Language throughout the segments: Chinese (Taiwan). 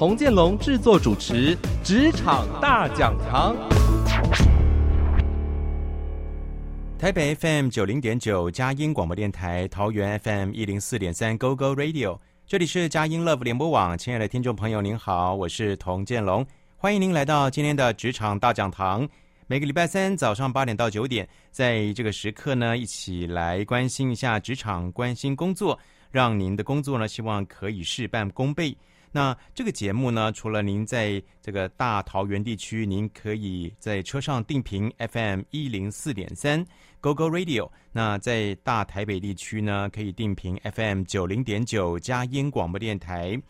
佟建龍製作主持《職場大講堂》，台北 FM 九零點九佳音廣播電台，桃園 FM 一零四點三 GoGo Radio，這裡是佳音 Love 聯播網，親愛的聽眾朋友，您好，我是佟建龍，歡迎您來到今天的《職場大講堂》，每個禮拜三早上八點到九點，在這個時刻呢，一起來關心一下職場，關心工作，讓您的工作呢，希望可以事半功倍。那這個節目呢，除了您在這個大桃園地區，您可以在車上定頻 FM 一零四點三 GoGo Radio。那在大台北地區呢，可以定頻 FM 九零點九佳音廣播電台。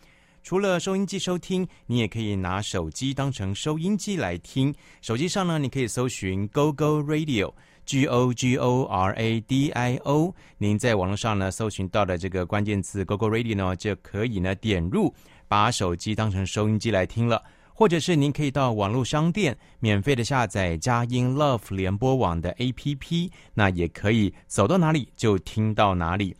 除了收音機收聽，你也可以拿手機當成收音機來聽。手機上呢，你可以搜尋 GoGo Radio, GoGo Radio，G O G O R A D I O。您在網絡上呢搜尋到的這個關鍵詞 GoGo Radio 呢，就可以呢點入。把手機當成收音機來聽了，或者是您可以到網絡商店免費的下載佳音 Love 聯播網的 APP，那也可以走到哪裡就聽到哪裡。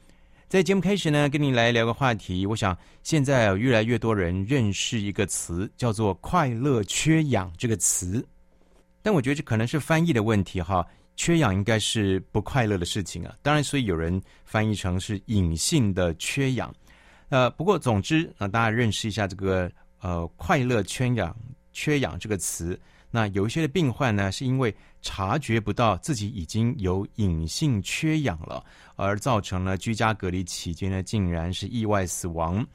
在節目開始呢，跟你來聊個話題。我想現在有越來越多人認識一個詞，叫做“快樂缺氧”這個詞。但我覺得這可能是翻譯的問題哈，“缺氧”應該是不快樂的事情啊。當然，所以有人翻譯成是“隱性的缺氧”。呃，不過總之，那、呃、大家認識一下這個呃“快樂缺氧”缺氧這個詞。那有一些的病患呢，是因為察覺不到自己已經有隱性缺氧了，而造成了居家隔離期間呢，竟然是意外死亡。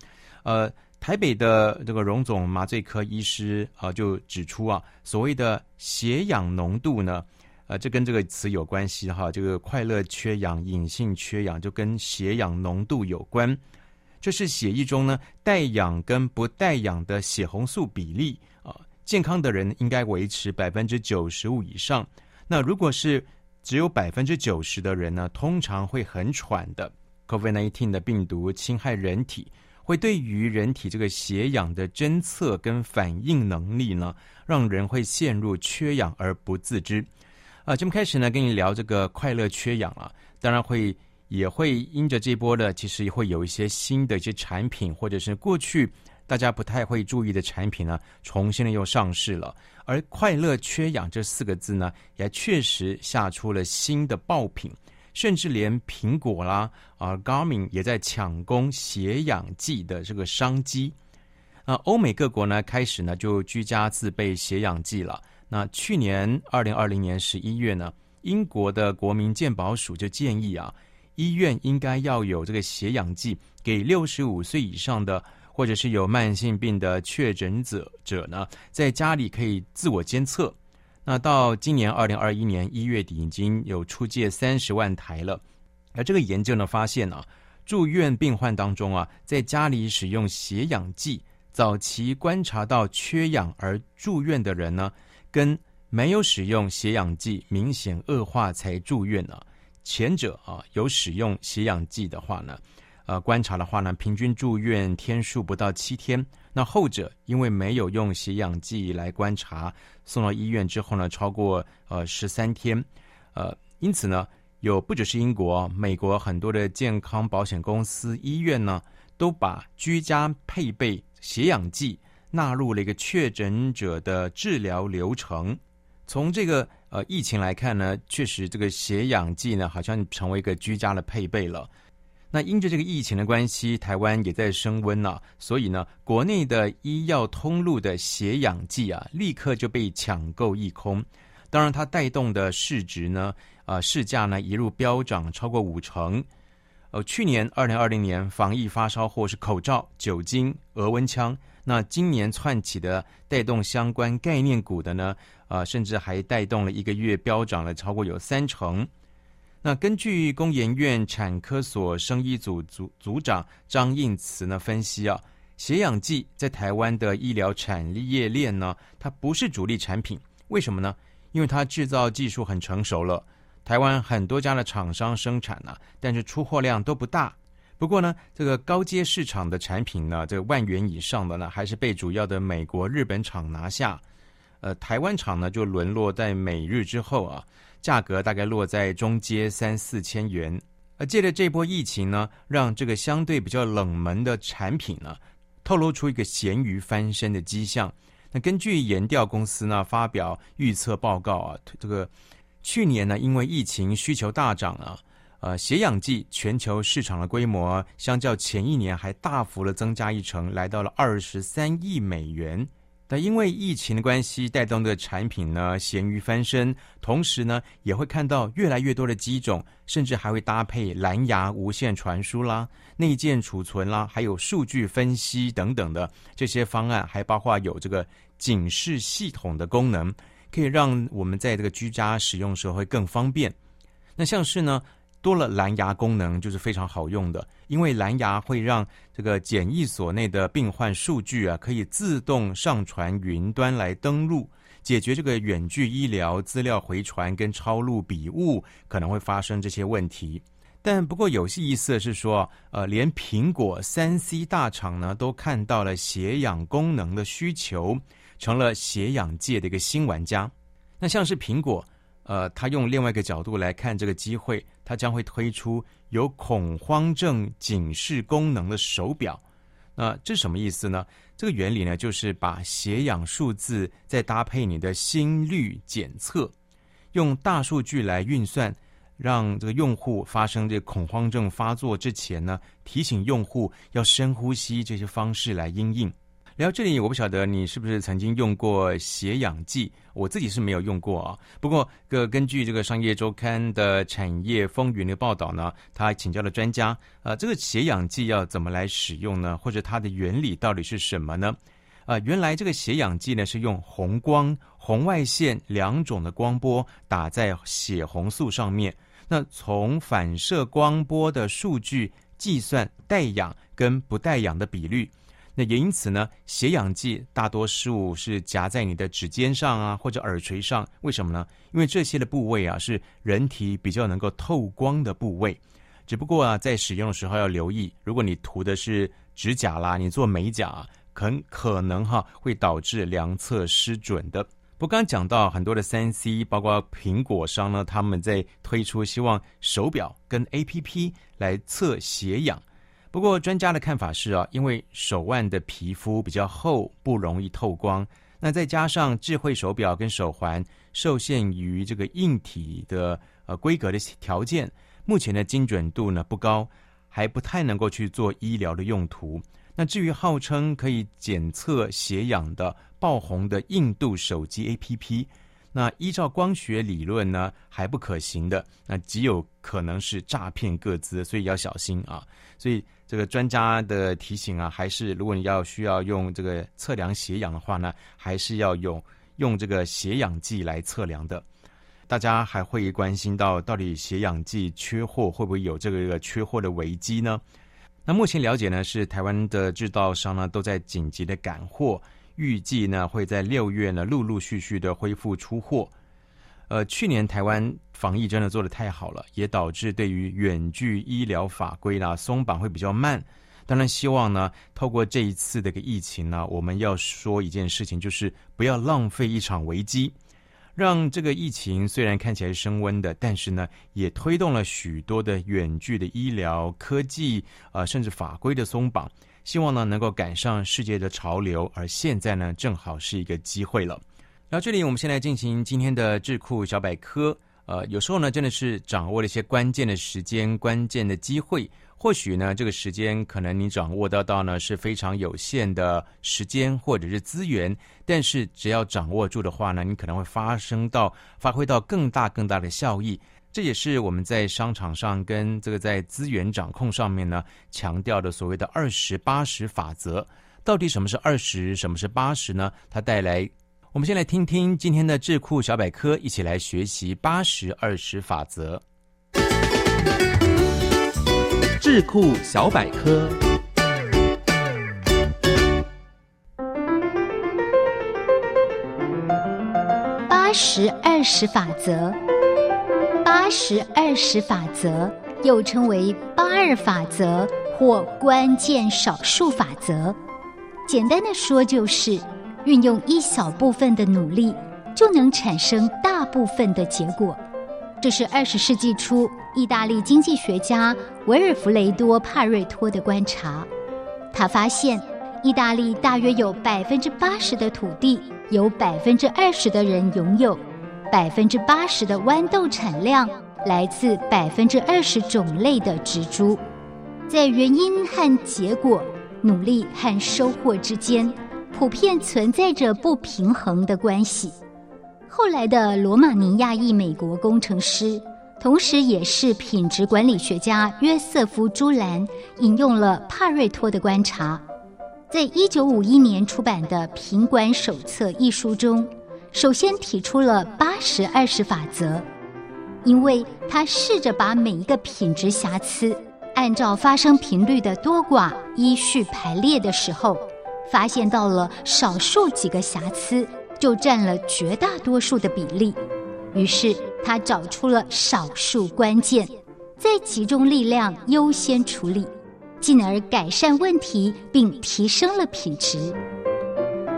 呃，台北的這個榮總麻醉科醫師啊、呃，就指出啊，所謂的血氧濃度呢，呃，這跟這個詞有關係哈，這個“快樂缺氧”隱性缺氧就跟血氧濃度有關。這是血液中呢帶氧跟不帶氧的血紅素比例啊，健康的人應該維持百分之九十五以上。那如果是只有百分之九十的人呢，通常會很喘的。COVID-19 的病毒侵害人體會對於人體這個血氧的偵測跟反應能力呢，讓人會陷入缺氧而不自知啊。這邊開始呢，跟你聊這個快樂缺氧啊，當然會。也會因着這波的，其實也會有一些新的一些產品，或者是過去大家不太會注意的產品呢，重新的又上市了。而“快樂缺氧”這四個字呢，也確實下出了新的爆品，甚至連蘋果啦啊、Garmin 也在搶攻血氧計的這個商機。那歐美各國呢，開始呢就居家自備血氧計了。那去年二零二零年十一月呢，英國的國民健保署就建議啊。醫院應該要有這個血氧計，給六十五歲以上的，或者是有慢性病的確診者者呢，在家裡可以自我監測。那到今年二零二一年一月底，已經有出借三十萬台了。而這個研究呢，發現呢、啊，住院病患當中啊，在家裡使用血氧計，早期觀察到缺氧而住院的人呢，跟沒有使用血氧計，明顯惡化才住院呢、啊。前者啊有使用血氧計的話呢，呃觀察的話呢，平均住院天數不到七天。那後者因為沒有用血氧計來觀察，送到醫院之後呢，超過呃十三天。呃，因此呢，有不只是英國、美國很多的健康保險公司、醫院呢，都把居家配備血氧計納入了一個確診者的治療流程。從這個呃疫情來看呢，確實這個血氧計呢，好像成為一個居家的配備了。那因着這個疫情的關係，台灣也在升溫啊，所以呢，國內的醫藥通路的血氧計啊，立刻就被搶購一空。當然，它帶動的市值呢，呃，市價呢一路飆漲超過五成。呃，去年二零二零年防疫發燒或是口罩、酒精、額溫槍。那今年竄起的，帶動相關概念股的呢，啊、呃，甚至還帶動了一個月飆漲了超過有三成。那根據工研院產科所生醫組組組長張應慈呢分析啊，血氧計在台灣的醫療產業鏈呢，它不是主力產品，為什麼呢？因為它製造技術很成熟了，台灣很多家的廠商生產呢、啊，但是出貨量都不大。不過呢，這個高階市場的產品呢，這個萬元以上的呢，還是被主要的美國、日本廠拿下。呃，台灣廠呢就淪落在美日之後啊，價格大概落在中階三四千元。而借着這波疫情呢，讓這個相對比較冷門的產品呢，透露出一個鹹魚翻身的跡象。那根據研調公司呢發表預測報告啊，這個去年呢因為疫情需求大漲啊。呃，血氧機全球市場的規模相較前一年還大幅的增加一成，來到了二十三億美元。但因為疫情的關係，帶動的產品呢，鹹魚翻身。同時呢，也會看到越來越多的機種，甚至還會搭配藍牙無線傳輸啦、內建儲存啦，還有數據分析等等的這些方案，還包括有這個警示系統的功能，可以讓我們在這個居家使用時候會更方便。那像是呢？多了藍牙功能就是非常好用的，因為藍牙會讓這個檢疫所內的病患數據啊可以自動上傳雲端來登錄，解決這個遠距醫療資料回傳跟抄錄筆誤可能會發生這些問題。但不過有些意思是說，呃，連蘋果 3C 大廠呢都看到了血氧功能的需求，成了血氧界的一個新玩家。那像是蘋果。呃，他用另外一個角度來看這個機會，他將會推出有恐慌症警示功能的手錶。那、呃、這什麼意思呢？這個原理呢，就是把血氧數字再搭配你的心率檢測，用大數據來運算，讓這個用戶發生這恐慌症發作之前呢，提醒用戶要深呼吸這些方式來因應。然後這裡，我不曉得你是不是曾經用過血氧計？我自己是沒有用過啊。不過，個根據這個《商業周刊》的產業風雲的報道呢，他請教了專家，呃，這個血氧計要怎麼來使用呢？或者它的原理到底是什麼呢？啊，原來這個血氧計呢是用紅光、紅外線兩種的光波打在血紅素上面，那從反射光波的數據計算帶氧跟不帶氧的比率。那也因此呢，血氧計大多數是夾在你的指尖上啊，或者耳垂上。為什麼呢？因為這些的部位啊是人體比較能夠透光的部位。只不過啊，在使用的時候要留意，如果你塗的是指甲啦，你做美甲啊，很可能哈會導致量測失準的。我剛剛講到很多的三 C，包括蘋果商呢，他們在推出希望手錶跟 APP 來測血氧。不過，專家的看法是啊，因為手腕的皮膚比較厚，不容易透光。那再加上智慧手表跟手環受限於這個硬體的呃規格的條件，目前的精準度呢不高，還不太能夠去做醫療的用途。那至於號稱可以檢測血氧的爆紅的印度手機 APP，那依照光學理論呢還不可行的，那極有可能是詐騙個資，所以要小心啊。所以。這個專家的提醒啊，還是如果你要需要用這個測量血氧的話呢，還是要用用這個血氧計來測量的。大家還會關心到，到底血氧計缺貨會不會有這個一個缺貨的危機呢？那目前了解呢，是台灣的製造商呢都在緊急的趕貨，預計呢會在六月呢陸陸續續的恢復出貨。呃，去年台灣防疫真的做得太好了，也導致對於遠距醫療法規啦、啊、鬆綁會比較慢。當然，希望呢透過這一次這個疫情呢，我們要說一件事情，就是不要浪費一場危機，讓這個疫情雖然看起來升溫的，但是呢也推動了許多的遠距的醫療科技啊、呃，甚至法規的鬆綁。希望呢能夠趕上世界的潮流，而現在呢正好是一個機會了。然後這裡我們先來進行今天的智庫小百科。呃，有時候呢，真的是掌握了一些關鍵的時間、關鍵的機會。或許呢，這個時間可能你掌握得到呢是非常有限的時間或者是資源，但是只要掌握住的話呢，你可能會發生到發揮到更大更大的效益。這也是我們在商場上跟這個在資源掌控上面呢強調的所謂的二十八十法則。到底什麼是二十，什麼是八十呢？它帶來。我們先來聽聽今天的智庫小百科，一起來學習八十二十法則。智庫小百科，八十二十法則，八十二十法則又稱為八二法則或關鍵少數法則。簡單的說，就是。運用一小部分的努力，就能產生大部分的結果。這是二十世紀初意大利經濟學家維爾弗雷多·帕瑞托的觀察。他發現，意大利大約有百分之八十的土地，有百分之二十的人擁有；百分之八十的豌豆產量來自百分之二十種類的植株。在原因和結果、努力和收穫之間。普遍存在着不平衡的關係。後來的羅馬尼亞裔美國工程師，同時也是品質管理學家約瑟夫·朱蘭引用了帕瑞托的觀察，在一九五一年出版的《品管手冊》一書中，首先提出了八十二十法則。因為他試着把每一個品質瑕疵按照發生頻率的多寡依序排列的時候。發現到了少數幾個瑕疵，就占了絕大多數的比例。於是他找出了少數關鍵，再集中力量優先處理，進而改善問題並提升了品質。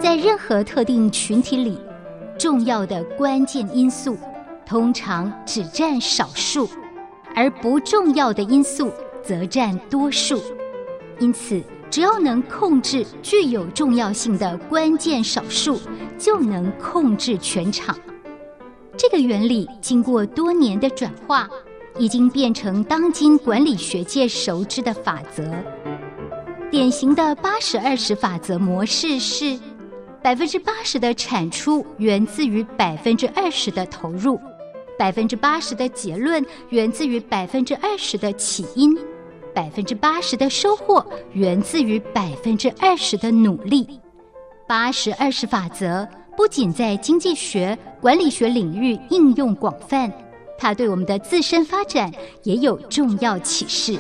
在任何特定群體裡，重要的關鍵因素通常只占少數，而不重要的因素則占多數。因此，只要能控制具有重要性的關鍵少數，就能控制全場。這個原理經過多年的轉化，已經變成當今管理學界熟知的法則。典型的八十二十法則模式是：百分之八十的產出源自於百分之二十的投入；百分之八十的結論源自於百分之二十的起因。百分之八十的收穫源自於百分之二十的努力。八十二十法則不僅在經濟學、管理學領域應用廣泛，它對我們的自身發展也有重要啟示。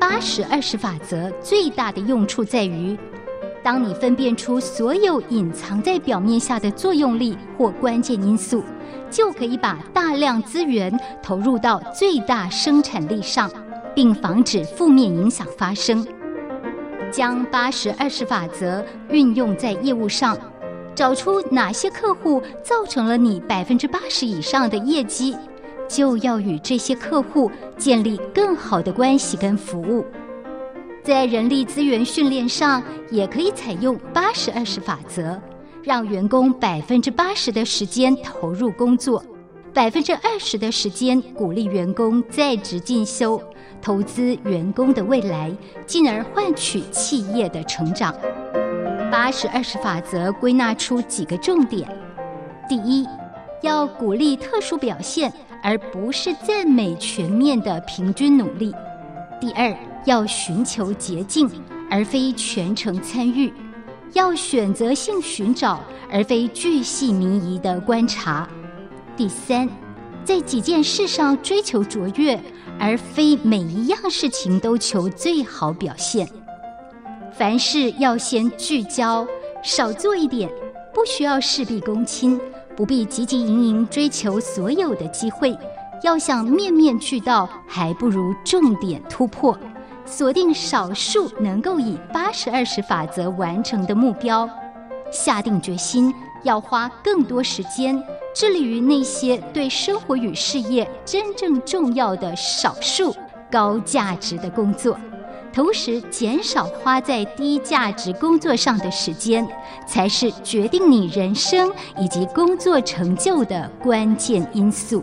八十二十法則最大的用處在於，當你分辨出所有隱藏在表面下的作用力或關鍵因素，就可以把大量資源投入到最大生產力上。並防止負面影響發生，將八十二十法則運用在業務上，找出哪些客戶造成了你百分之八十以上的業績，就要與這些客戶建立更好的關係跟服務。在人力資源訓練上，也可以採用八十二十法則，讓員工百分之八十的時間投入工作。百分之二十的時間鼓勵員工在職進修，投資員工的未來，進而換取企業的成長。八十二十法則歸納出幾個重點：第一，要鼓勵特殊表現，而不是讚美全面的平均努力；第二，要尋求捷徑，而非全程參與；要選擇性尋找，而非巨細靡遺的觀察。第三，在幾件事上追求卓越，而非每一樣事情都求最好表現。凡事要先聚焦，少做一點，不需要事必躬親，不必汲汲營營追求所有的機會。要想面面俱到，還不如重點突破，鎖定少數能夠以八十二十法則完成的目標，下定決心。要花更多時間致力於那些對生活與事業真正重要的少數高價值的工作，同時減少花在低價值工作上的時間，才是決定你人生以及工作成就的關鍵因素。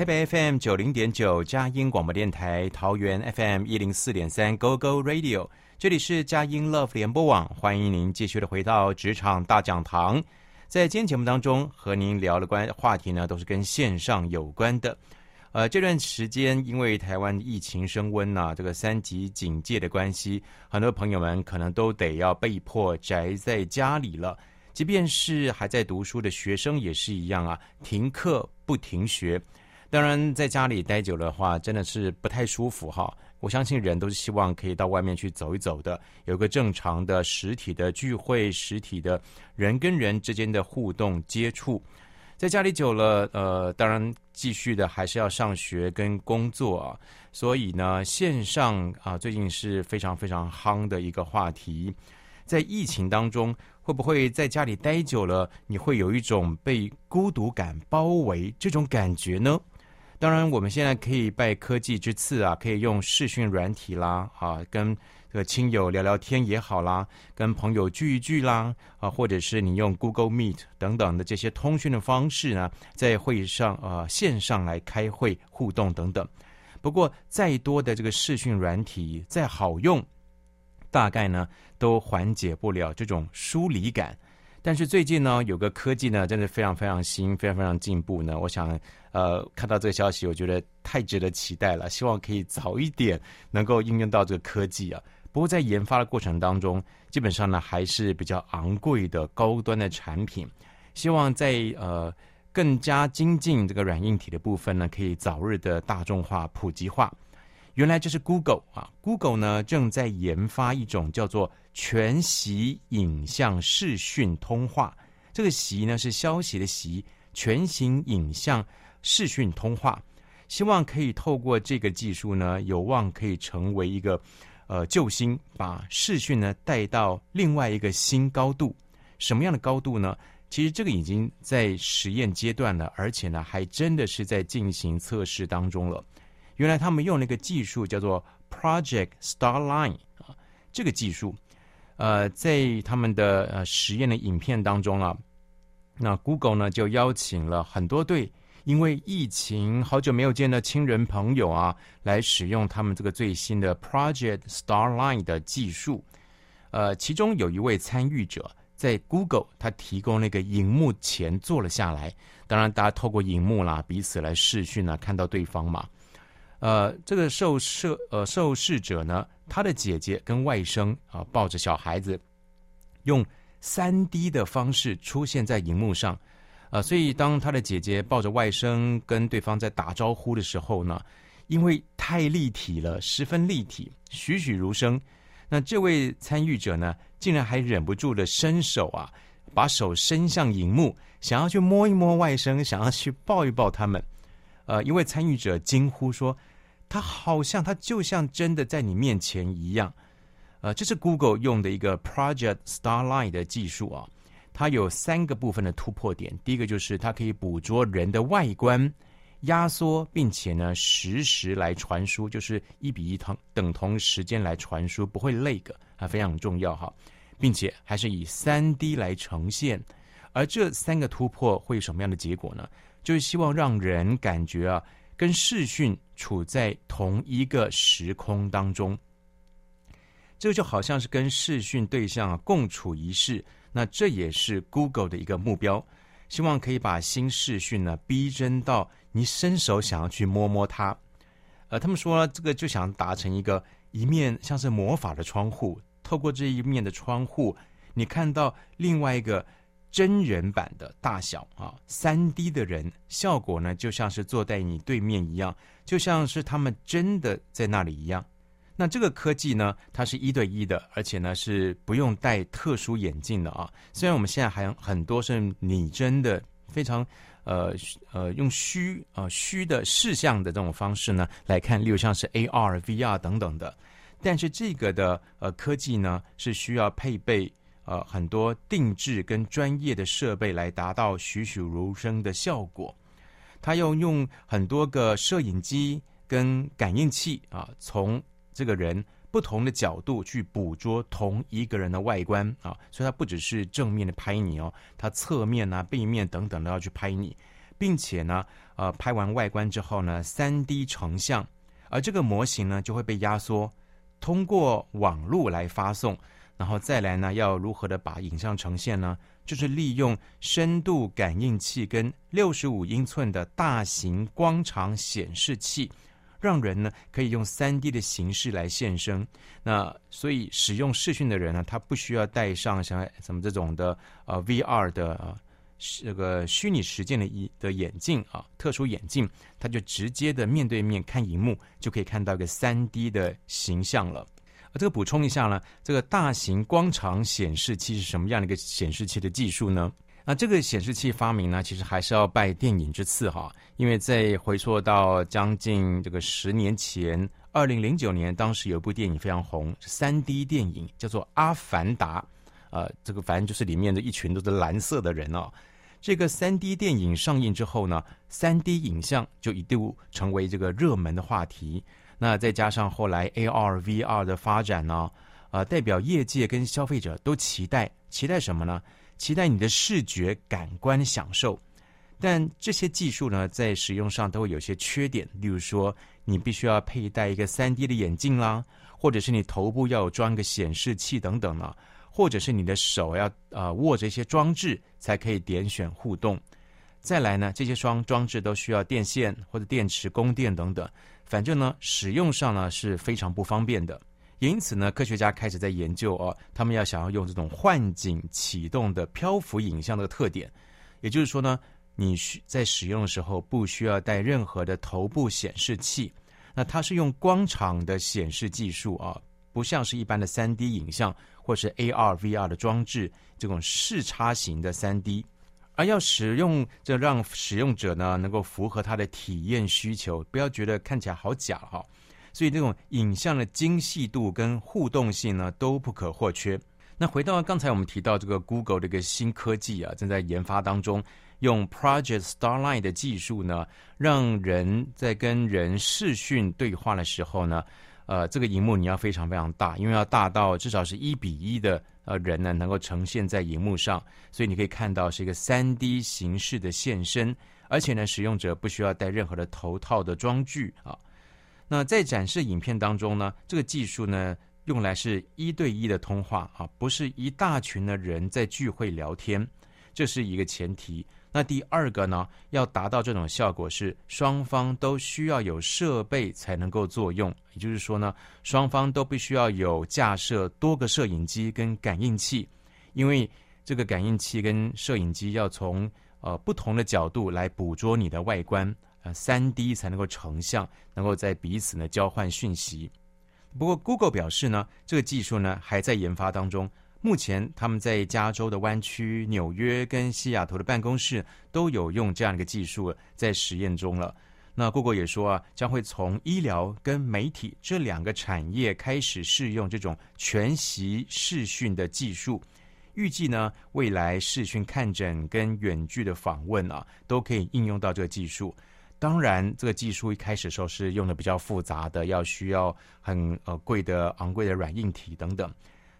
台北 FM 九零點九佳音廣播電台、桃園 FM 一零四點三 Go Go Radio，這裡是佳音 Love 聯播網，歡迎您繼續的回到職場大講堂。在今天節目當中，和您聊的關話題呢，都是跟線上有關的。呃，這段時間因為台灣疫情升溫吶、啊，這個三級警戒的關係，很多朋友們可能都得要被迫宅在家裡了。即便是還在讀書的學生也是一樣啊，停課不停學。當然，在家裡待久了的話，真的是不太舒服哈。我相信人都是希望可以到外面去走一走的，有一個正常的實體的聚會，實體的人跟人之間的互動接觸。在家裡久了，呃，當然繼續的還是要上學跟工作啊，所以呢，線上啊，最近是非常非常夯的一個話題。在疫情當中，會不會在家裡待久了，你會有一種被孤獨感包圍這種感覺呢？當然，我們現在可以拜科技之賜啊，可以用視訊軟體啦，啊，跟這個親友聊聊天也好啦，跟朋友聚一聚啦，啊，或者是你用 Google Meet 等等的這些通訊的方式呢，在會議上啊、呃、線上來開會互動等等。不過，再多的這個視訊軟體再好用，大概呢都緩解不了這種疏離感。但是最近呢，有個科技呢，真的非常非常新，非常非常進步呢。我想，呃，看到這個消息，我覺得太值得期待了。希望可以早一點能夠應用到這個科技啊。不過在研發的過程當中，基本上呢還是比較昂貴的高端的產品。希望在呃更加精進這個軟硬體的部分呢，可以早日的大眾化、普及化。原來這是 Google 啊，Google 呢正在研發一種叫做全息影像視訊通話。這個“息”呢是消息的“息”，全息影像視訊通話，希望可以透過這個技術呢，有望可以成為一個呃救星，把視訊呢帶到另外一個新高度。什麼樣的高度呢？其實這個已經在實驗階段了，而且呢還真的是在進行測試當中了。原來他們用那個技術叫做 Project Starline 啊，這個技術，呃，在他們的呃實驗的影片當中啊，那 Google 呢就邀請了很多對因為疫情好久沒有見到親人朋友啊，來使用他們這個最新的 Project Starline 的技術。呃，其中有一位參與者在 Google，他提供那個熒幕前坐了下來，當然大家透過熒幕啦，彼此來視訊啊，看到對方嘛。呃，這個受攝呃受試者呢，他的姐姐跟外甥啊、呃，抱着小孩子，用三 D 的方式出現在熒幕上，啊、呃，所以當他的姐姐抱着外甥跟對方在打招呼的時候呢，因為太立體了，十分立體，栩栩如生，那這位參與者呢，竟然還忍不住地伸手啊，把手伸向熒幕，想要去摸一摸外甥，想要去抱一抱他們。呃，一位參與者驚呼說：“他好像，他就像真的在你面前一樣。”呃，這是 Google 用的一個 Project Starline 的技術啊、哦。它有三個部分的突破點，第一個就是它可以捕捉人的外觀，壓縮，並且呢實時，時來傳輸，就是一比一同等，等同時間來傳輸，不會 lag 啊，非常重要哈，並且還是以三 D 來呈現。而這三個突破會有什麼樣的結果呢？就是希望讓人感覺啊，跟視訊處在同一個時空當中，這個就好像是跟視訊對象、啊、共處一室。那這也是 Google 的一個目標，希望可以把新視訊呢逼真到你伸手想要去摸摸它。呃，他們說這個就想達成一個一面像是魔法的窗戶，透過這一面的窗戶，你看到另外一個。真人版的大小啊，3D 的人效果呢，就像是坐在你對面一樣，就像是他們真的在那裡一樣。那這個科技呢，它是一對一的，而且呢是不用戴特殊眼鏡的啊。雖然我們現在還有很多是擬真的，非常呃呃用虛啊、呃、虛的視像的這種方式呢來看，例如像是 AR、VR 等等的，但是這個的呃科技呢是需要配備。呃，很多定製跟專業的設備來達到栩栩如生的效果。他要用很多個攝影機跟感應器啊，從這個人不同的角度去捕捉同一個人的外觀啊，所以它不只是正面的拍你哦，它側面啊、背面等等都要去拍你，並且呢，呃，拍完外觀之後呢，3D 成像，而這個模型呢就會被壓縮，通過網路來發送。然後再來呢，要如何的把影像呈現呢？就是利用深度感應器跟六十五英寸的大型光場顯示器，讓人呢可以用三 D 的形式來現身。那所以使用視訊的人呢，他不需要戴上像什麼這種的呃、啊、VR 的、啊、這個虛擬實境的的眼鏡啊，特殊眼鏡，他就直接的面對面看熒幕，就可以看到一個三 D 的形象了。啊，這個補充一下呢，這個大型光場顯示器是什麼樣的一個顯示器的技術呢？啊，這個顯示器發明呢，其實還是要拜電影之賜哈，因為在回溯到將近這個十年前，二零零九年，當時有一部電影非常紅，是三 D 電影叫做《阿凡達》，啊，這個反正就是裡面的一群都是藍色的人哦。這個三 D 電影上映之後呢，三 D 影像就一度成為這個熱門的話題。那再加上後來 AR、VR 的發展呢，啊，代表業界跟消費者都期待，期待什麼呢？期待你的視覺感官享受。但這些技術呢，在使用上都會有些缺點，例如說，你必須要佩戴一個 3D 的眼鏡啦，或者是你頭部要裝個顯示器等等呢，或者是你的手要啊握着一些裝置才可以點選互動。再來呢，這些雙裝置都需要電線或者電池供電等等。反正呢，使用上呢是非常不方便的，也因此呢，科學家開始在研究哦，他們要想要用這種幻景啟動的漂浮影像的特點，也就是說呢，你需在使用的時候不需要帶任何的頭部顯示器，那它是用光場的顯示技術啊、哦，不像是一般的 3D 影像或是 AR、VR 的裝置這種視差型的 3D。而要使用，就讓使用者呢能夠符合他的體驗需求，不要覺得看起來好假哈哦。所以這種影像的精細度跟互動性呢都不可或缺。那回到剛才我們提到這個 Google 這個新科技啊，正在研發當中，用 Project Starline 的技術呢，讓人在跟人視訊對話的時候呢。呃，這個熒幕你要非常非常大，因為要大到至少是一比一的呃人呢能夠呈現在熒幕上，所以你可以看到是一個三 D 形式的現身，而且呢使用者不需要戴任何的頭套的裝具啊。那在展示影片當中呢，這個技術呢用來是一對一的通話啊，不是一大群的人在聚會聊天，這是一個前提。那第二個呢，要達到這種效果是雙方都需要有設備才能夠作用，也就是說呢，雙方都必須要有架設多個攝影機跟感應器，因為這個感應器跟攝影機要從呃不同的角度來捕捉你的外觀，呃，3D 才能夠成像，能夠在彼此呢交換訊息。不過，Google 表示呢，這個技術呢還在研發當中。目前他們在加州的灣區、紐約跟西雅圖的辦公室都有用這樣一個技術在實驗中了。那 Google 也說啊，將會從醫療跟媒體這兩個產業開始試用這種全息視訊的技術。預計呢，未來視訊看診跟遠距的訪問啊，都可以應用到這個技術。當然，這個技術一開始時候是用的比較複雜的，要需要很呃貴的昂貴的軟硬體等等。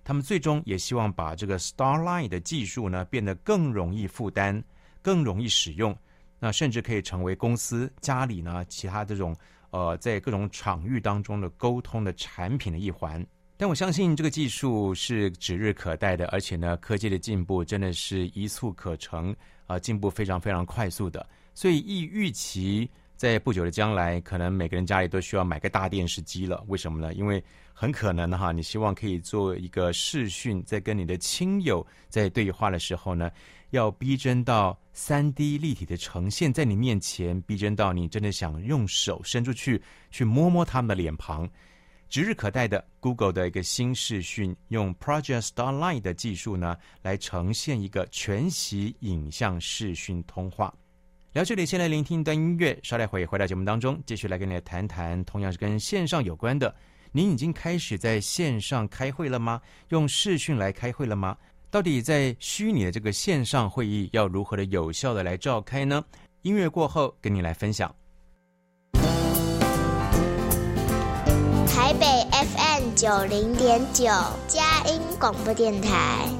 他們最終也希望把這個 Starline 的技術呢，變得更容易負擔、更容易使用，那甚至可以成為公司、家裡呢，其他這種呃在各種場域當中的溝通的產品的一環。但我相信這個技術是指日可待的，而且呢，科技的進步真的是一蹴可成啊，進步非常非常快速的，所以一預期。在不久的將來，可能每個人家裡都需要買個大電視機了。為什麼呢？因為很可能哈，你希望可以做一個視訊，在跟你的親友在對話的時候呢，要逼真到 3D 立體的呈現，在你面前逼真到你真的想用手伸出去去摸摸他們的臉龐。指日可待的 Google 的一個新視訊，用 Project Starline 的技術呢，來呈現一個全息影像視訊通話。聊這裡，先來聆聽一段音樂，稍待會回到節目當中，繼續來跟你來談談，同樣是跟線上有關的。您已經開始在線上開會了嗎？用視訊來開會了嗎？到底在虛擬的這個線上會議要如何的有效的來召開呢？音樂過後，跟你來分享。台北 FM 九零點九，佳音廣播電台。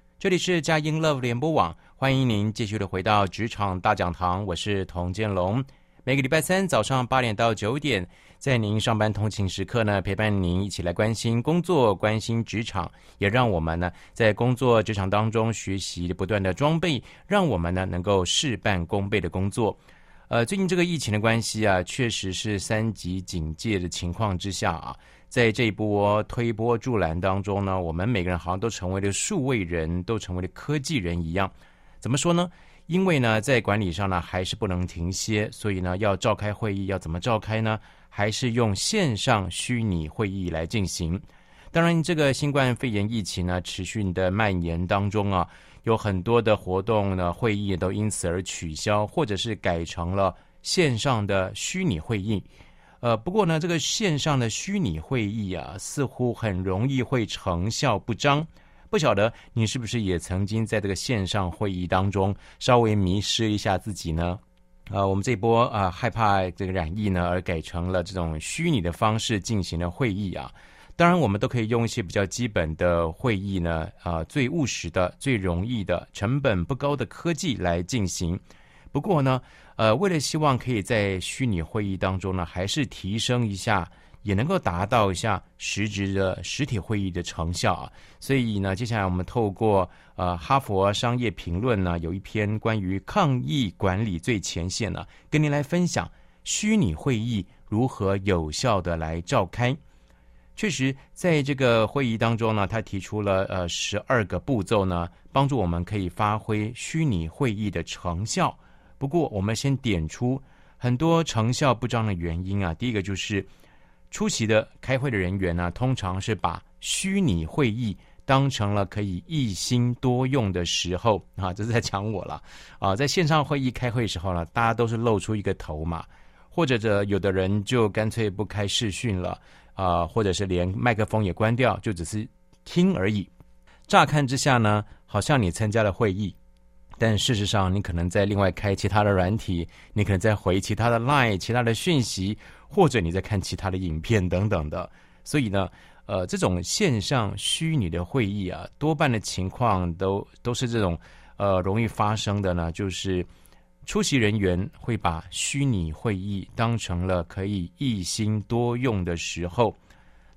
這裡是佳音 love 聯播網，歡迎您繼續的回到職場大講堂，我是童建龍。每個禮拜三早上八點到九點，在您上班通勤時刻呢，陪伴您一起來關心工作、關心職場，也讓我們呢在工作職場當中學習不斷的裝備，讓我們呢能夠事半功倍的工作。呃，最近這個疫情的關係啊，確實是三級警戒的情況之下啊。在這一波推波助瀾當中呢，我們每個人好像都成為了數位人，都成為了科技人一樣。怎麼說呢？因為呢，在管理上呢，還是不能停歇，所以呢，要召開會議，要怎麼召開呢？還是用線上虛擬會議來進行。當然，這個新冠肺炎疫情呢，持續的蔓延當中啊，有很多的活動呢，會議也都因此而取消，或者是改成了線上的虛擬會議。呃，不過呢，這個線上的虛擬會議啊，似乎很容易會成效不彰。不曉得你是不是也曾經在這個線上會議當中稍微迷失一下自己呢？啊，我們這波啊害怕這個染疫呢，而改成了這種虛擬的方式進行了會議啊。當然，我們都可以用一些比較基本的會議呢，啊，最務實的、最容易的、成本不高的科技來進行。不過呢。呃，為了希望可以在虛擬會議當中呢，還是提升一下，也能夠達到一下實質的實體會議的成效啊。所以呢，接下來我們透過呃《哈佛商業評論》呢，有一篇關於抗疫管理最前線呢，跟您來分享虛擬會議如何有效的來召開。確實，在這個會議當中呢，他提出了呃十二個步驟呢，幫助我們可以發揮虛擬會議的成效。不過，我們先點出很多成效不彰的原因啊。第一個就是出席的開會的人員呢、啊，通常是把虛擬會議當成了可以一心多用的時候啊。這是在講我了啊，在線上會議開會的時候呢，大家都是露出一個頭嘛，或者者有的人就乾脆不開視訊了啊，或者是連麥克風也關掉，就只是聽而已。乍看之下呢，好像你參加了會議。但事實上，你可能在另外開其他的軟體，你可能在回其他的 LINE、其他的訊息，或者你在看其他的影片等等的。所以呢，呃，這種線上虛擬的會議啊，多半的情況都都是這種呃容易發生的呢，就是出席人員會把虛擬會議當成了可以一心多用的時候。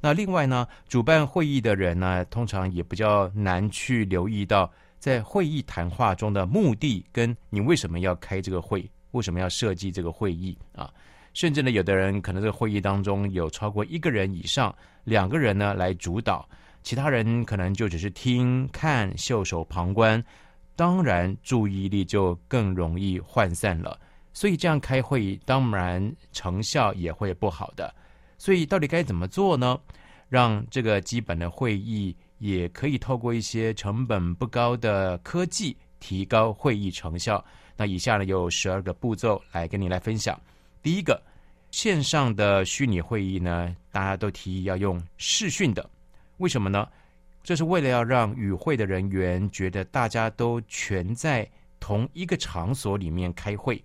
那另外呢，主辦會議的人呢，通常也比較難去留意到。在會議談話中的目的，跟你為什麼要開這個會，為什麼要設計這個會議啊？甚至呢，有的人可能這個會議當中有超過一個人以上，兩個人呢來主導，其他人可能就只是聽、看、袖手旁觀，當然注意力就更容易渙散了。所以這樣開會，當然成效也會不好的。所以到底該怎麼做呢？讓這個基本的會議。也可以透過一些成本不高的科技提高會議成效。那以下呢，有十二個步驟來跟你來分享。第一個，線上的虛擬會議呢，大家都提議要用視訊的，為什麼呢？這是為了要讓與會的人員覺得大家都全在同一個場所裡面開會，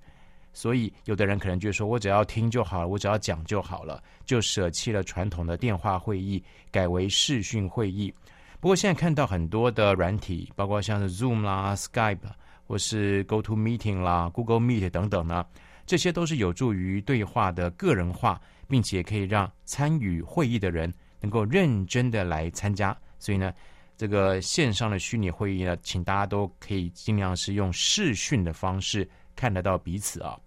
所以有的人可能就說我只要聽就好了，我只要講就好了，就捨棄了傳統的電話會議，改為視訊會議。不過現在看到很多的軟體，包括像是 Zoom 啦、啊、Skype、啊、或是 Go to Meeting 啦、Google Meet 等等呢，這些都是有助於對話的個人化，並且可以讓參與會議的人能夠認真的來參加。所以呢，這個線上的虛擬會議呢，請大家都可以盡量使用視訊的方式看得到彼此啊。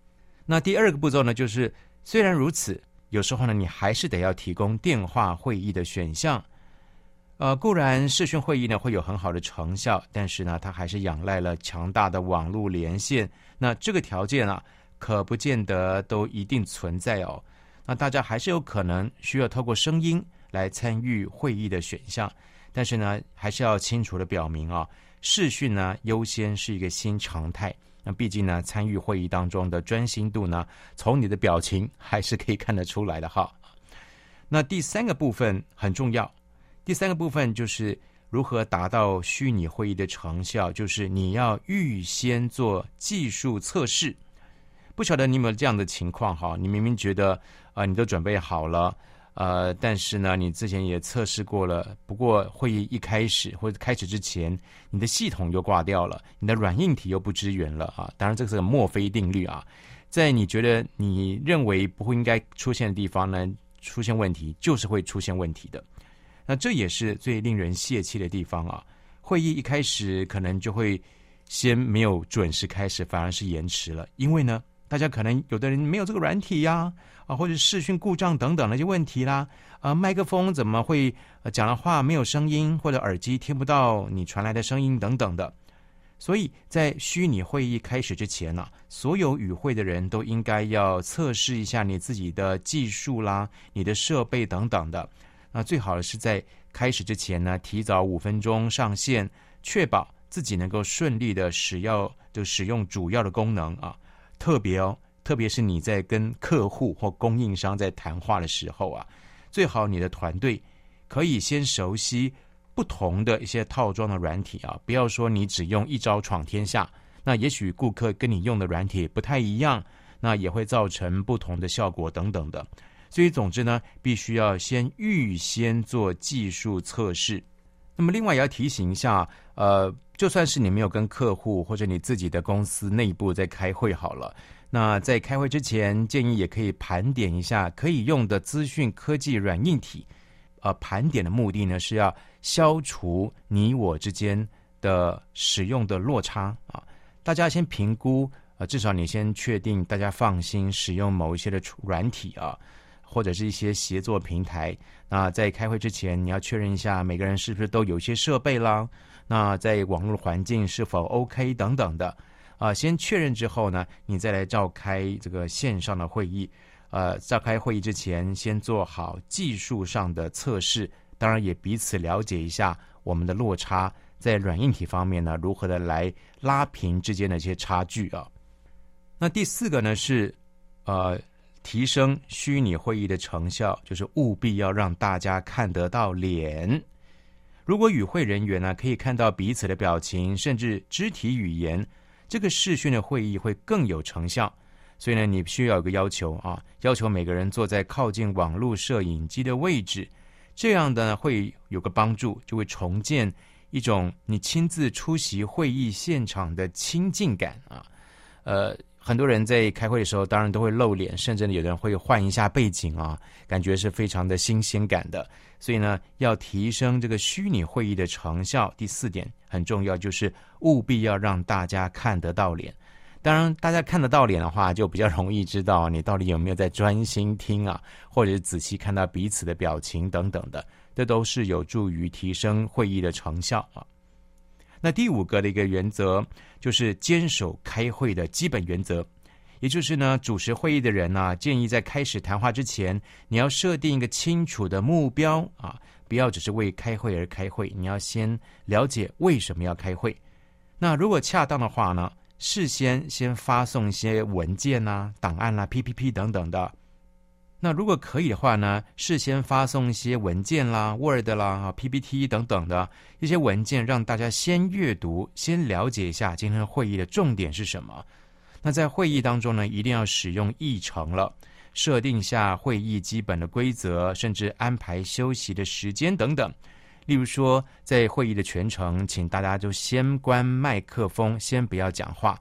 那第二個步驟呢，就是雖然如此，有時候呢，你還是得要提供電話會議的選項。呃，固然視訊會議呢，會有很好的成效，但是呢，它還是仰賴了強大的網絡連線。那這個條件啊，可不見得都一定存在哦。那大家還是有可能需要透過聲音來參與會議的選項。但是呢，還是要清楚的表明啊、哦，視訊呢優先是一個新常態。那畢竟呢，參與會議當中的專心度呢，從你的表情還是可以看得出來的哈。那第三個部分很重要。第三個部分就是如何達到虛擬會議的成效，就是你要預先做技術測試。不曉得你有沒有這樣的情況哈？你明明覺得啊、呃，你都準備好了，呃，但是呢，你之前也測試過了，不過會議一開始或者開始之前，你的系統又掛掉了，你的軟硬體又不支援了啊！當然，這個是墨菲定律啊，在你覺得你認為不會應該出現的地方呢，出現問題就是會出現問題的。這也是最令人洩氣的地方啊！會議一開始可能就會先沒有準時開始，反而是延遲了。因為呢，大家可能有的人沒有這個軟體呀，啊，或者視訊故障等等那些問題啦，啊，麥克風怎麼會講了話沒有聲音，或者耳機聽不到你傳來的聲音等等的。所以在虛擬會議開始之前呢、啊，所有與會的人都應該要測試一下你自己的技術啦、你的設備等等的。那最好的是在開始之前呢，提早五分鐘上線，確保自己能夠順利的使用就使用主要的功能啊。特別哦，特別是你在跟客戶或供應商在談話的時候啊，最好你的團隊可以先熟悉不同的一些套裝的軟體啊，不要說你只用一招闖天下。那也許顧客跟你用的軟體不太一樣，那也會造成不同的效果等等的。所以，總之呢，必須要先預先做技術測試。那麼，另外也要提醒一下啊，呃，就算是你沒有跟客戶或者你自己的公司內部在開會好了，那在開會之前，建議也可以盤點一下可以用的資訊科技軟硬體。呃，盤點的目的呢，是要消除你我之間的使用的落差啊。大家先評估，呃，至少你先確定大家放心使用某一些的軟體啊。或者是一些協作平台，那在開會之前，你要確認一下每個人是不是都有一些設備啦，那在網絡環境是否 OK 等等的，啊，先確認之後呢，你再來召開這個線上的會議，呃，召開會議之前，先做好技術上的測試，當然也彼此了解一下我們的落差，在軟硬體方面呢，如何的來拉平之間的一些差距啊。那第四個呢是，呃。提升虛擬會議的成效，就是務必要讓大家看得到臉。如果與會人員呢，可以看到彼此的表情，甚至肢體語言，這個視訊的會議會更有成效。所以呢，你需要有個要求啊，要求每個人坐在靠近網絡攝影機的位置，這樣的會有個幫助，就會重建一種你親自出席會議現場的親近感啊，呃。很多人在開會的時候，當然都會露臉，甚至有人會換一下背景啊，感覺是非常的新鮮感的。所以呢，要提升這個虛擬會議的成效，第四點很重要，就是務必要讓大家看得到臉。當然，大家看得到臉的話，就比較容易知道你到底有沒有在專心聽啊，或者仔細看到彼此的表情等等的，這都是有助於提升會議的成效啊。那第五個的一個原則就是堅守開會的基本原則，也就是呢，主持會議的人呢、啊，建議在開始談話之前，你要設定一個清楚的目標啊，不要只是為開會而開會，你要先了解為什麼要開會。那如果恰當的話呢，事先先發送一些文件啊、檔案啦、啊、PPT 等等的。那如果可以的話呢，事先發送一些文件啦、Word 啦、PPT 等等的，一些文件，讓大家先閱讀、先了解一下今天的會議的重點是什麼？那在會議當中呢，一定要使用議程了，設定一下會議基本的規則，甚至安排休息的時間等等。例如說，在會議的全程，請大家就先關麥克風，先不要講話。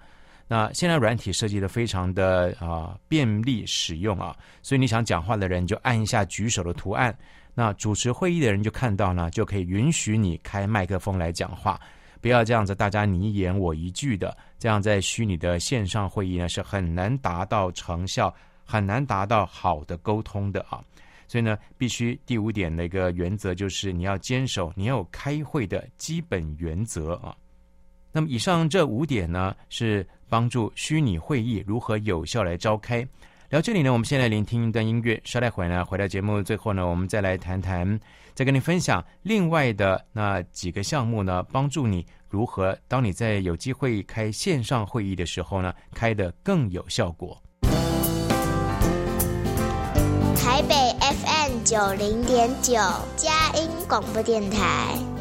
那現在軟體設計的非常的啊便利使用啊，所以你想講話的人就按一下舉手的圖案，那主持會議的人就看到呢，就可以允許你開麥克風來講話。不要這樣子，大家你一言我一句的，這樣在虛擬的線上會議呢是很難達到成效，很難達到好的溝通的啊。所以呢，必須第五點的一個原則就是你要堅守，你要有開會的基本原則啊。那麼以上這五點呢，是幫助虛擬會議如何有效來召開。聊到這裡呢，我們先來聆聽一段音樂，稍待會呢，回到節目最後呢，我們再來談談，再跟你分享另外的那幾個項目呢，幫助你如何當你在有機會開線上會議的時候呢，開得更有效果。台北 FM 九零點九，佳音廣播電台。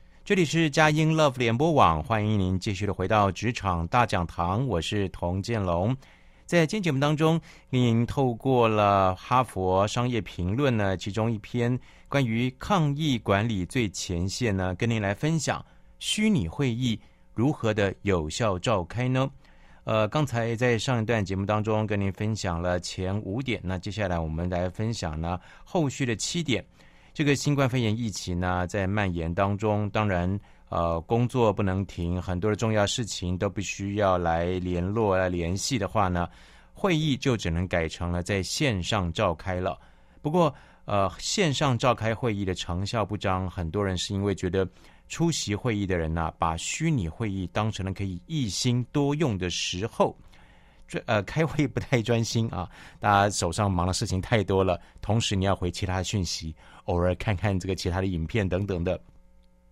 這裡是佳音 Love 聯播網，歡迎您繼續的回到職場大講堂，我是童建龍。在今天節目當中，您透過了《哈佛商業評論》呢，其中一篇關於抗疫管理最前線呢，跟您來分享虛擬會議如何的有效召開呢？呃，剛才在上一段節目當中跟您分享了前五點，那接下來我們來分享呢，後續的七點。這個新冠肺炎疫情呢，在蔓延當中，當然，呃，工作不能停，很多的重要事情都必須要來聯絡、來聯繫的話呢，會議就只能改成了在線上召開了。不過，呃，線上召開會議的成效不彰，很多人是因為覺得出席會議的人呢、啊，把虛擬會議當成了可以一心多用的時候，這呃開會不太專心啊，大家手上忙的事情太多了，同時你要回其他訊息。偶爾看看這個其他的影片等等的，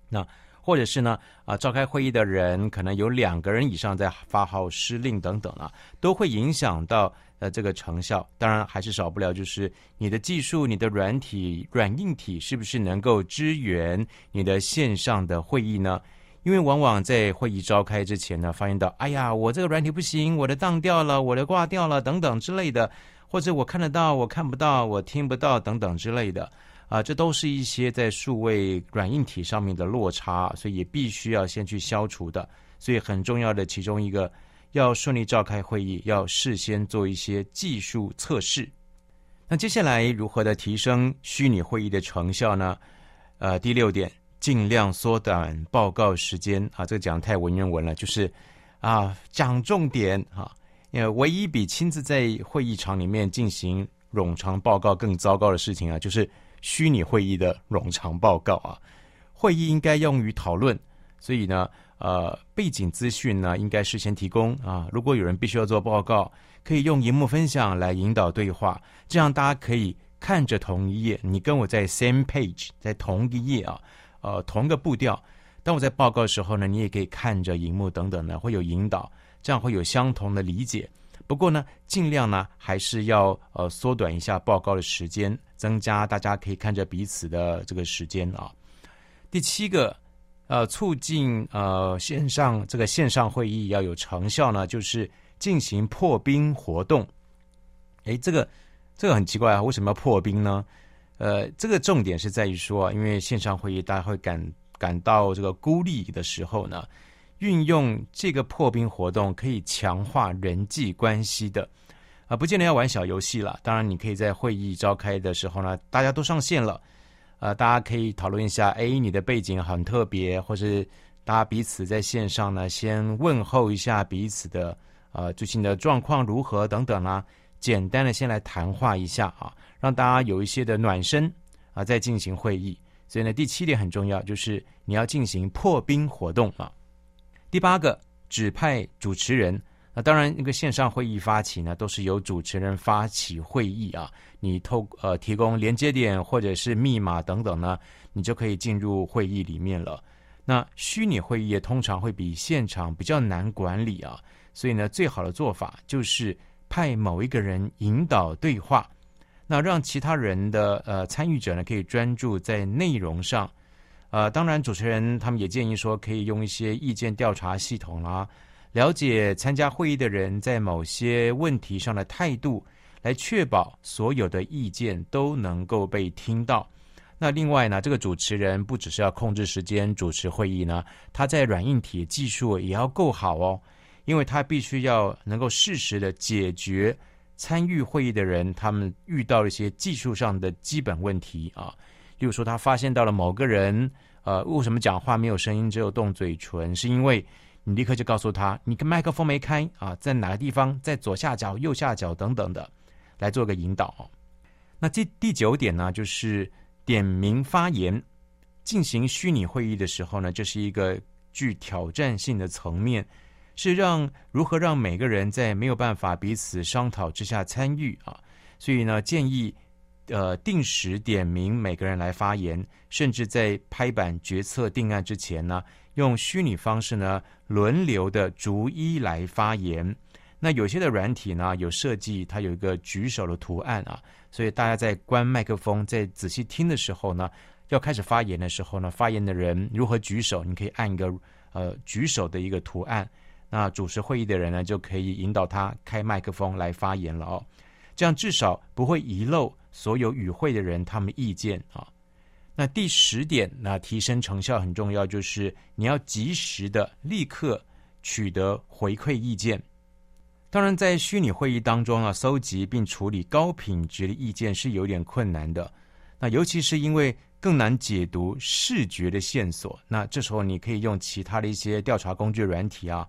那或者是呢啊召開會議的人可能有兩個人以上在發號施令等等啊，都會影響到呃這個成效。當然還是少不了就是你的技術、你的軟體、軟硬體是不是能夠支援你的線上的會議呢？因為往往在會議召開之前呢，發現到哎呀，我這個軟體不行，我的當掉了，我的掛掉了等等之類的，或者我看得到，我看不到，我聽不到等等之類的。啊，這都是一些在數位軟硬體上面的落差，所以也必須要先去消除的。所以很重要的其中一個，要順利召開會議，要事先做一些技術測試。那接下來如何的提升虛擬會議的成效呢？呃，第六點，盡量縮短報告時間啊。這個講太文言文了，就是啊，講重點啊。因為唯一比親自在會議場裡面進行冗長報告更糟糕的事情啊，就是。虛擬會議的冗長報告啊，會議應該用於討論，所以呢，呃，背景資訊呢應該事先提供啊。如果有人必須要做報告，可以用熒幕分享來引導對話，這樣大家可以看着同一頁，你跟我在 same page，在同一頁啊，呃，同一個步調。當我在報告的時候呢，你也可以看着熒幕等等呢，會有引導，這樣會有相同的理解。不過呢，儘量呢還是要呃縮短一下報告的時間，增加大家可以看着彼此的這個時間啊。第七個呃，促進呃線上這個線上會議要有成效呢，就是進行破冰活動。誒，這個這個很奇怪啊，為什麼要破冰呢？呃，這個重點是在於說，因為線上會議大家會感感到這個孤立的時候呢。運用這個破冰活動可以強化人際關係的啊，不見得要玩小遊戲了。當然，你可以在會議召開的時候呢，大家都上線了，呃，大家可以討論一下：哎，你的背景很特別，或是大家彼此在線上呢，先問候一下彼此的呃最近的狀況如何等等啦。簡單的先來談話一下啊，讓大家有一些的暖身啊，再進行會議。所以呢，第七點很重要，就是你要進行破冰活動啊。第八個，指派主持人。那當然，那個線上會議發起呢，都是由主持人發起會議啊。你透呃提供連接點或者是密碼等等呢，你就可以進入會議裡面了。那虛擬會議也通常會比現場比較難管理啊，所以呢，最好的做法就是派某一個人引導對話，那讓其他人的呃參與者呢可以專注在內容上。呃，當然，主持人他們也建議說，可以用一些意見調查系統啦，啊，了解參加會議的人在某些問題上的態度，來確保所有的意見都能夠被聽到。那另外呢，這個主持人不只是要控制時間主持會議呢，他在軟硬體技術也要夠好哦，因為他必須要能夠適時的解決參與會議的人他們遇到一些技術上的基本問題啊。例如說，他發現到了某個人，呃，為什麼講話沒有聲音，只有動嘴唇？是因為你立刻就告訴他，你跟麥克風沒開啊，在哪個地方，在左下角、右下角等等的，來做個引導。那這第九點呢，就是點名發言。進行虛擬會議的時候呢，這是一個具挑戰性的層面，是讓如何讓每個人在沒有辦法彼此商討之下參與啊。所以呢，建議。呃，定時點名每個人來發言，甚至在拍板決策定案之前呢，用虛擬方式呢，輪流的逐一來發言。那有些的軟體呢，有設計它有一個舉手的圖案啊，所以大家在關麥克風，在仔細聽的時候呢，要開始發言的時候呢，發言的人如何舉手，你可以按一個呃舉手的一個圖案，那主持會議的人呢，就可以引導他開麥克風來發言了哦。這樣至少不會遺漏所有與會的人他們意見啊。那第十點，那提升成效很重要，就是你要及時的立刻取得回饋意見。當然，在虛擬會議當中啊，搜集並處理高品質的意見是有點困難的。那尤其是因為更難解讀視覺的線索。那這時候你可以用其他的一些調查工具軟體啊，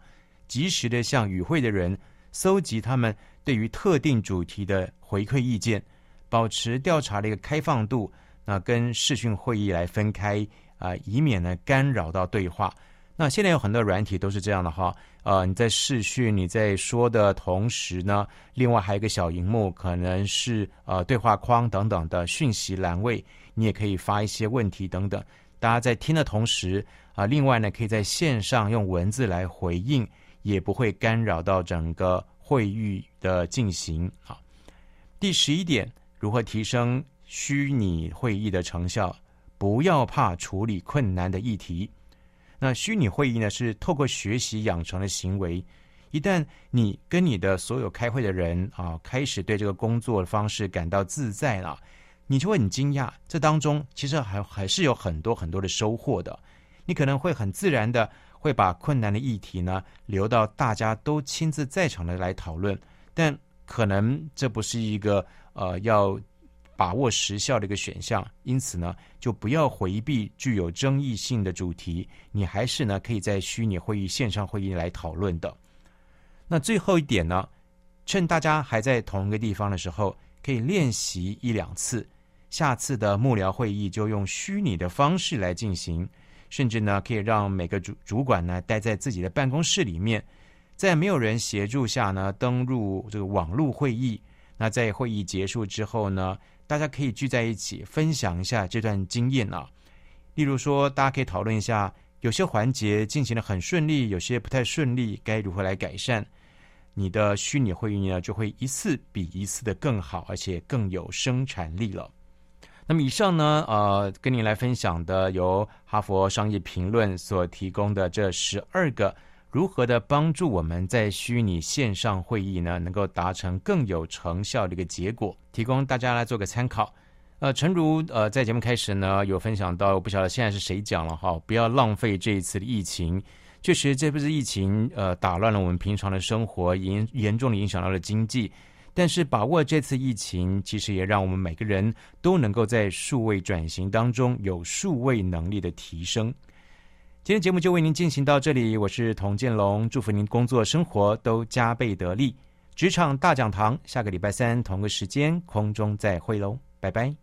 及時的向與會的人搜集他們。對於特定主題的回饋意見，保持調查的一個開放度。那，呃，跟視訊會議來分開啊，呃，以免呢干擾到對話。那現在有很多軟體都是這樣的哈。呃，你在視訊你在說的同時呢，另外還有一個小熒幕，可能是呃對話框等等的訊息欄位，你也可以發一些問題等等。大家在聽的同時啊，呃，另外呢可以在線上用文字來回應，也不會干擾到整個會議的進行啊，第十一點，如何提升虛擬會議的成效？不要怕處理困難的議題。那虛擬會議呢，是透過學習養成的行為。一旦你跟你的所有開會的人啊，開始對這個工作的方式感到自在了，你就會很驚訝，這當中其實還還是有很多很多的收穫的。你可能會很自然的，會把困難的議題呢留到大家都親自在場的來討論，但可能這不是一個呃要把握時效的一個選項，因此呢就不要回避具有爭議性的主題，你還是呢可以在虛擬會議、線上會議來討論的。那最後一點呢，趁大家還在同一個地方的時候，可以練習一兩次，下次的幕僚會議就用虛擬的方式來進行。甚至呢，可以讓每個主主管呢待在自己的辦公室裡面，在沒有人協助下呢，登入這個網絡會議。那在會議結束之後呢，大家可以聚在一起分享一下這段經驗啊。例如說，大家可以討論一下，有些環節進行的很順利，有些不太順利，該如何來改善？你的虛擬會議呢，就會一次比一次的更好，而且更有生產力了。那麼以上呢，呃，跟你來分享的由哈佛商業評論所提供的這十二個如何的幫助我們在虛擬線上會議呢，能夠達成更有成效的一個結果，提供大家來做個參考。呃，誠如，呃，在節目開始呢，有分享到，不曉得現在是誰講了哈，不要浪費這一次的疫情，確實這不是疫情，呃，打亂了我們平常的生活，嚴嚴重的影響到了經濟。但是把握這次疫情，其實也讓我們每個人都能夠在數位轉型當中有數位能力的提升。今天節目就為您進行到這裡，我是童建龍，祝福您工作生活都加倍得力。職場大講堂下個禮拜三同個時間空中再會嘍，拜拜。